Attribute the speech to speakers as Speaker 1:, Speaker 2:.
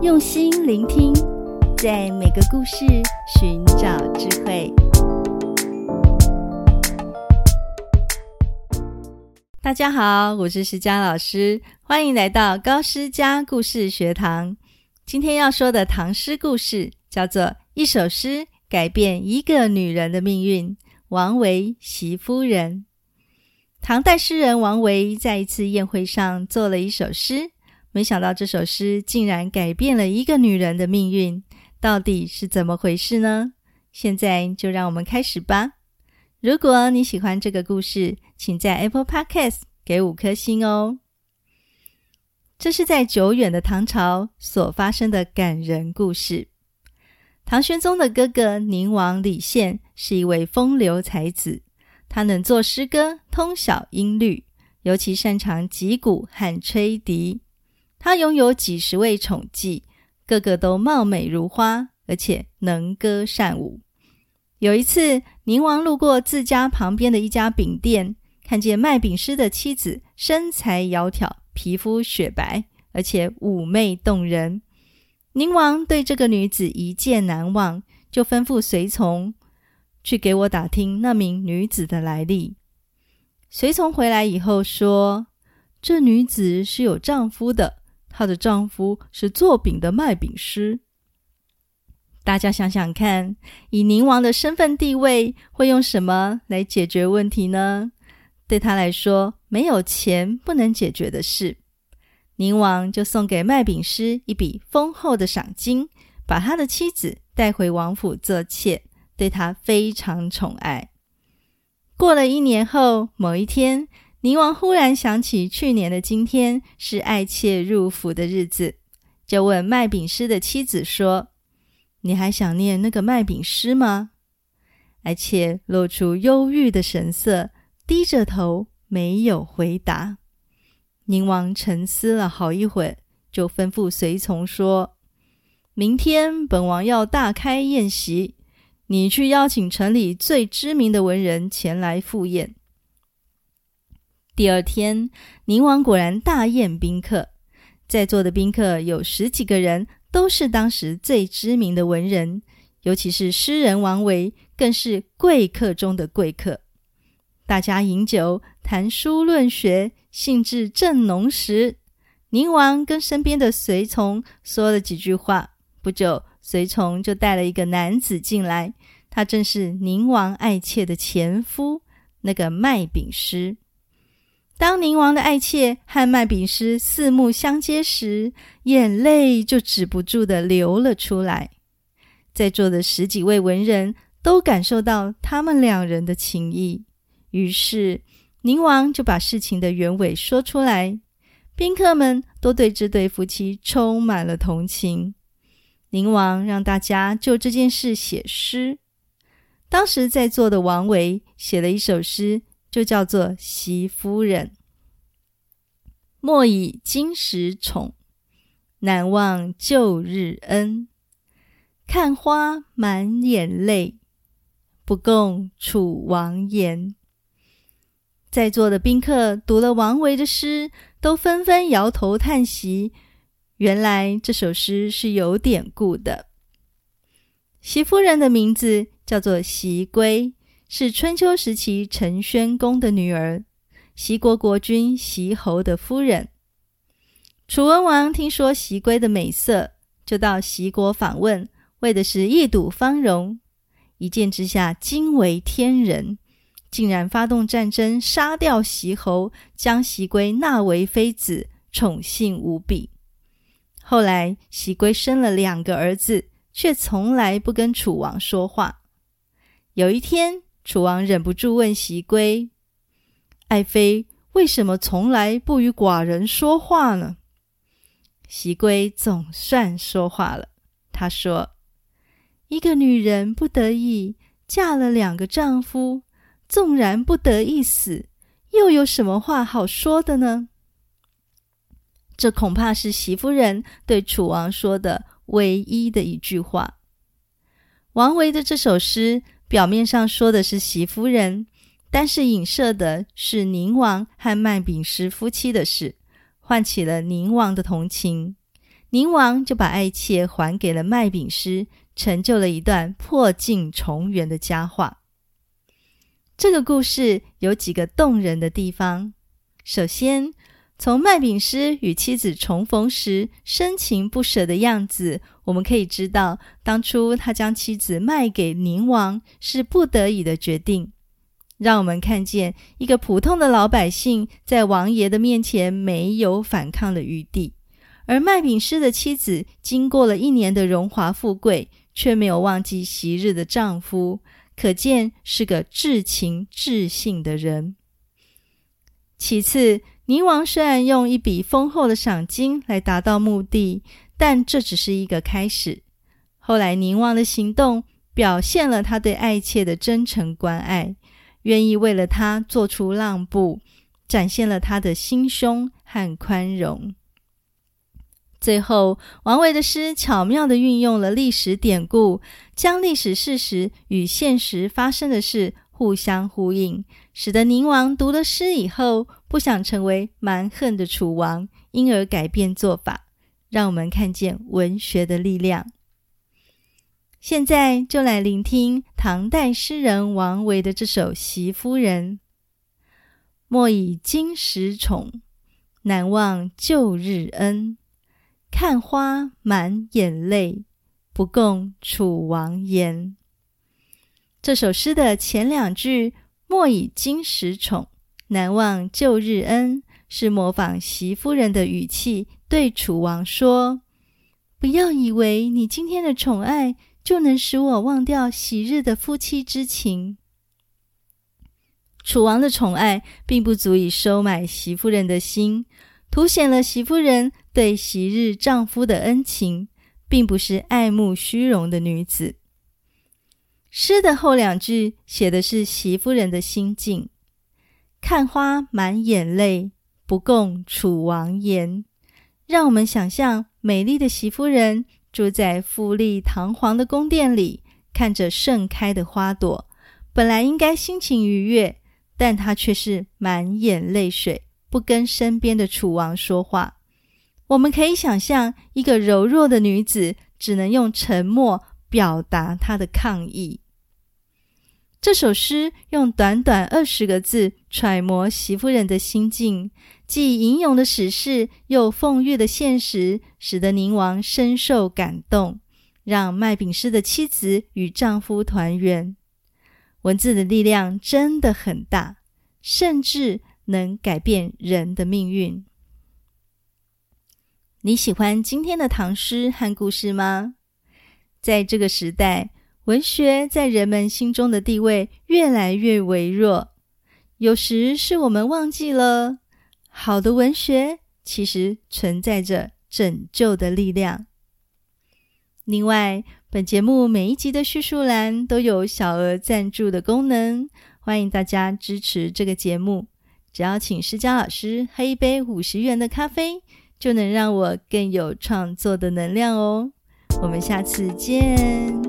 Speaker 1: 用心聆聽，在每個故事尋找智慧。大家好，我是石佳老師，歡迎來到高詩佳故事學堂。今天要說的唐詩故事叫做《一首詩改變一個女人的命運》，王維《息夫人》。唐代詩人王維在一次宴會上作了一首詩。沒想到這首詩竟然，改變了一個女人的命運，到底是怎麼回事呢？現在就讓我們開始吧。如果你喜歡這個故事，請在 Apple Podcast 給五顆星哦。這是在久遠的唐朝所發生的感人故事。唐玄宗的哥哥寧王李憲是一位風流才子，他能作詩歌，通曉音律，尤其擅長擊鼓和吹笛。他擁有幾十位寵妓，個個都貌美如花，而且能歌善舞。有一次，寧王路過自家旁邊的一家餅店，看見賣餅師的妻子身材窈窕，皮膚雪白，而且嫵媚動人。寧王對這個女子一見難忘，就吩咐隨從去，給我打聽那名女子的來歷。隨從回來以後說，這女子是有丈夫的。她的丈夫是做餅的賣餅師。大家想想看，以寧王的身份地位，會用什麼來解決問題呢？對他來說，沒有錢不能解決的事。寧王就送給賣餅師一筆豐厚的賞金，把他的妻子帶回王府做妾，對他非常寵愛。過了一年後，某一天。寧王忽然想起，去年的今天是愛妾入府的日子，就問賣餅師的妻子說：“你還想念那個賣餅師嗎？”愛妾露出憂鬱的神色，低着頭沒有回答。寧王沉思了好一會兒，就吩咐隨從說：“明天本王要大開宴席，你去邀請城裡最知名的文人前來赴宴。”第二天，寧王果然大宴賓客，在座的賓客有十幾個人，都是當時最知名的文人，尤其是詩人王維，更是貴客中的貴客。大家飲酒談書論學，興致正濃時，寧王跟身邊的隨從說了幾句話，不久，隨從就帶了一個男子進來，他正是寧王愛妾的前夫，那個賣餅師。當寧王的愛妾和賣餅師四目相接時，眼淚就止不住的流了出來。在座的十幾位文人都感受到他們兩人的情誼，於是寧王就把事情的原委說出來。賓客們都對這對夫妻充滿了同情。寧王讓大家就這件事寫詩。當時在座的王維寫了一首詩。就叫做息夫人。莫以今時寵，難忘舊日恩。看花滿眼淚，不共楚王言。在座的賓客讀了王維的詩，都紛紛搖頭嘆息。原來這首詩是有典故的。息夫人的名字叫做息媯。是春秋時期陳宣公的女兒，息國國君息侯的夫人。楚文王聽說息媯的美色，就到息國訪問，為的是一睹芳容。一見之下，驚為天人，竟然發動戰爭，殺掉息侯，將息媯納為妃子，寵幸無比。後來，息媯生了兩個兒子，卻從來不跟楚王說話。有一天，楚王忍不住問：“息媯，愛妃為什麼從來不與寡人說話呢？”息媯總算說話了，他說：“一個女人不得已嫁了兩個丈夫，縱然不得一死，又有什麼話好說的呢？”這恐怕是息夫人對楚王說的唯一的一句話。王維的這首詩，表面上說的是息夫人，但是影射的是寧王和賣餅師夫妻的事，喚起了寧王的同情，寧王就把愛妾還給了賣餅師，成就了一段破鏡重圓的佳話。這個故事有幾個動人的地方，首先。從麥餅師與妻子重逢時深情不舍的樣子，我們可以知道，當初他將妻子賣給寧王是不得已的決定。讓我們看見一個普通的老百姓在王爺的面前沒有反抗的餘地，而麥餅師的妻子經過了一年的榮華富貴，卻沒有忘記昔日的丈夫，可見是個至情至性的人。其次，寧王雖然用一筆豐厚的賞金來達到目的，但這只是一個開始。後來，寧王的行動表現了他對愛妾的真誠關愛，願意為了他做出讓步，展現了他的心胸和寬容。最後，王維的詩巧妙地運用了歷史典故，將歷史事實與現實發生的事互相呼應，使得寧王讀了詩以後，不想成為蠻橫的楚王，因而改變做法，讓我們看見文學的力量。現在就來聆聽唐代詩人王維的這首《席夫人》：“莫以金石寵，難忘舊日恩。看花滿眼淚，不共楚王言。”這首詩的前兩句：“莫以金石寵。”難忘舊日恩，是模仿息夫人的語氣對楚王說：“不要以為你今天的寵愛就能使我忘掉昔日的夫妻之情。”楚王的寵愛並不足以收買息夫人的心，凸顯了息夫人對昔日丈夫的恩情，並不是愛慕虛榮的女子。詩的後兩句寫的是息夫人的心境。看花滿眼淚，不共楚王言。讓我們想象美麗的息夫人住在富麗堂皇的宮殿裡，看着盛開的花朵，本來應該心情愉悅，但她卻是滿眼淚水，不跟身邊的楚王說話。我們可以想象，一個柔弱的女子，只能用沉默表達她的抗議。這首詩用短短二十個字揣摩息夫人的心境，既吟詠的史事，又諷喻的現實，使得寧王深受感動，讓賣餅師的妻子與丈夫團圓。文字的力量真的很大，甚至能改變人的命運。你喜歡今天的唐詩和故事嗎？在這個時代。文學在人們心中的地位越來越微弱，有時是我們忘記了，好的文學其實存在着拯救的力量。另外，本節目每一集的敘述欄都有小額贊助的功能，歡迎大家支持這個節目。只要請施加老師喝一杯五十元的咖啡，就能讓我更有創作的能量哦。我們下次見。